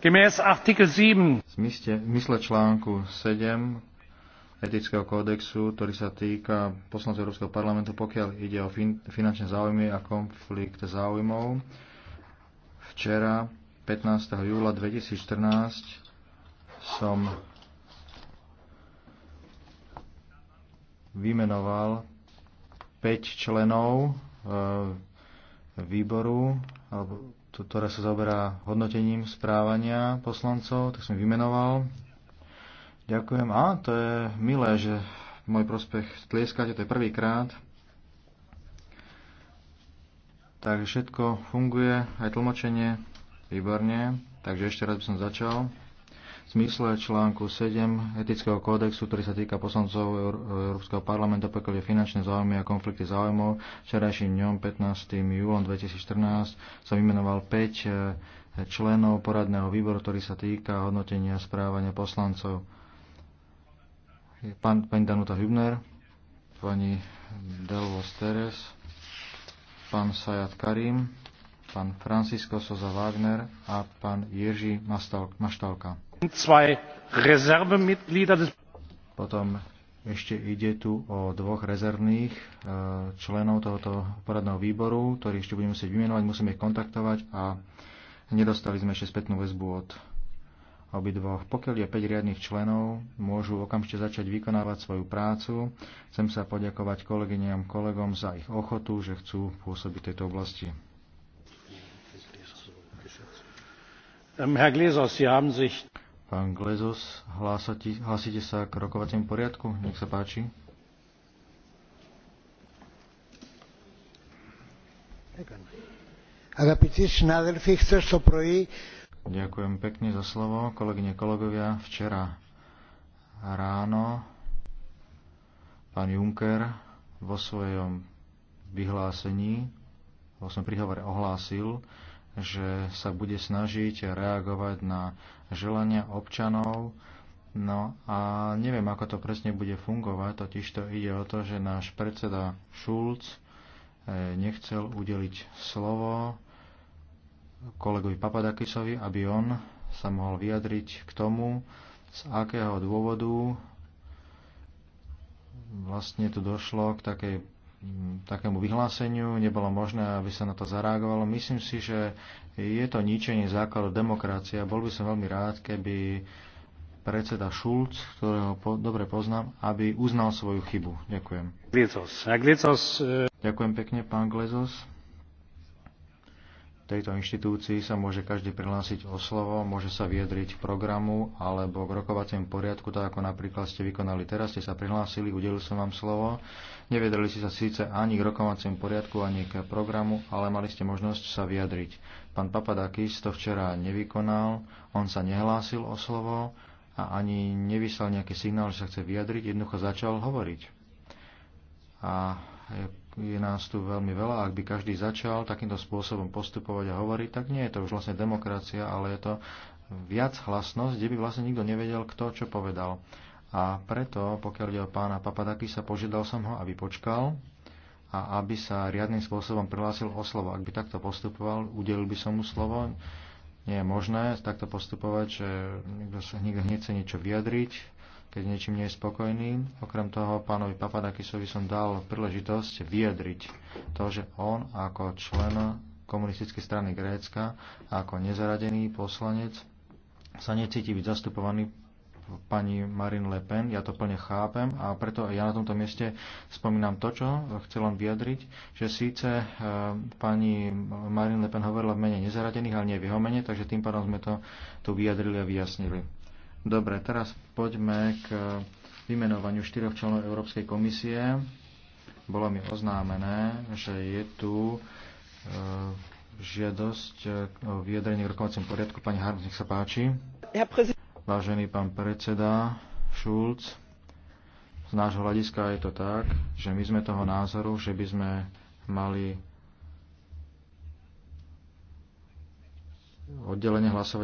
V mysle článku 7 etického kódexu, ktorý sa týka poslancov Európskeho parlamentu, pokiaľ ide o fin- finančné záujmy a konflikt záujmov, včera 15. júla 2014 som vymenoval 5 členov e, výboru alebo ktorá sa zaoberá hodnotením správania poslancov, tak som vymenoval. Ďakujem. A to je milé, že môj prospech tlieskate, to je prvýkrát. Takže všetko funguje, aj tlmočenie, výborne. Takže ešte raz by som začal zmysle článku 7 etického kódexu, ktorý sa týka poslancov Európskeho parlamentu, pokiaľ je finančné záujmy a konflikty záujmov. Včerajším dňom 15. júlom 2014 som vymenoval 5 e, členov poradného výboru, ktorý sa týka hodnotenia správania poslancov. Pán, pani Danuta Hübner, pani Delvos Teres, pán Sajat Karim, pán Francisco Soza Wagner a pán Jerzy Maštalka. Potom ešte ide tu o dvoch rezervných e, členov tohoto poradného výboru, ktorí ešte budeme musieť vymenovať, musíme ich kontaktovať a nedostali sme ešte spätnú väzbu od obidvoch. Pokiaľ je 5 riadných členov, môžu okamžite začať vykonávať svoju prácu. Chcem sa poďakovať kolegyňam, kolegom za ich ochotu, že chcú pôsobiť tejto oblasti. Ähm, Herr Gläser, Sie haben sich Pán Glezos, hlásite sa k rokovaciemu poriadku? Nech sa páči. Ďakujem pekne za slovo, kolegyne, kolegovia. Včera ráno pán Juncker vo svojom vyhlásení, vo svojom prihovore ohlásil, že sa bude snažiť reagovať na želania občanov. No a neviem, ako to presne bude fungovať, totiž to ide o to, že náš predseda Šulc e, nechcel udeliť slovo kolegovi Papadakisovi, aby on sa mohol vyjadriť k tomu, z akého dôvodu vlastne tu došlo k takej takému vyhláseniu, nebolo možné, aby sa na to zareagovalo. Myslím si, že je to ničenie základov demokracie a bol by som veľmi rád, keby predseda Schulz, ktorého po, dobre poznám, aby uznal svoju chybu. Ďakujem. Glezos. Glezos, uh... E- Ďakujem pekne, pán Glezos tejto inštitúcii sa môže každý prihlásiť o slovo, môže sa vyjadriť k programu alebo k rokovaciemu poriadku, tak ako napríklad ste vykonali teraz, ste sa prihlásili, udelil som vám slovo. Nevedeli ste sa síce ani k rokovaciemu poriadku, ani k programu, ale mali ste možnosť sa vyjadriť. Pán Papadakis to včera nevykonal, on sa nehlásil o slovo a ani nevyslal nejaký signál, že sa chce vyjadriť, jednoducho začal hovoriť. A je nás tu veľmi veľa. Ak by každý začal takýmto spôsobom postupovať a hovoriť, tak nie je to už vlastne demokracia, ale je to viac hlasnosť, kde by vlastne nikto nevedel, kto čo povedal. A preto, pokiaľ ide o pána Papadakisa, požiadal som ho, aby počkal a aby sa riadnym spôsobom prihlásil o slovo. Ak by takto postupoval, udelil by som mu slovo. Nie je možné takto postupovať, že nikto, nikto nechce niečo vyjadriť keď niečím nie je spokojný. Okrem toho, pánovi Papadakisovi som dal príležitosť vyjadriť to, že on ako člen komunistickej strany Grécka ako nezaradený poslanec sa necíti byť zastupovaný pani Marine Le Pen, ja to plne chápem a preto ja na tomto mieste spomínam to, čo chcel len vyjadriť, že síce e, pani Marine Le Pen hovorila v mene nezaradených, ale nie v jeho mene, takže tým pádom sme to tu vyjadrili a vyjasnili. Dobre, teraz poďme k vymenovaniu štyroch členov Európskej komisie. Bolo mi oznámené, že je tu e, žiadosť e, o vyjadrenie v rokovacom poriadku. Pani Harms, nech sa páči. Vážený pán predseda Šulc, z nášho hľadiska je to tak, že my sme toho názoru, že by sme mali oddelenie hlasovať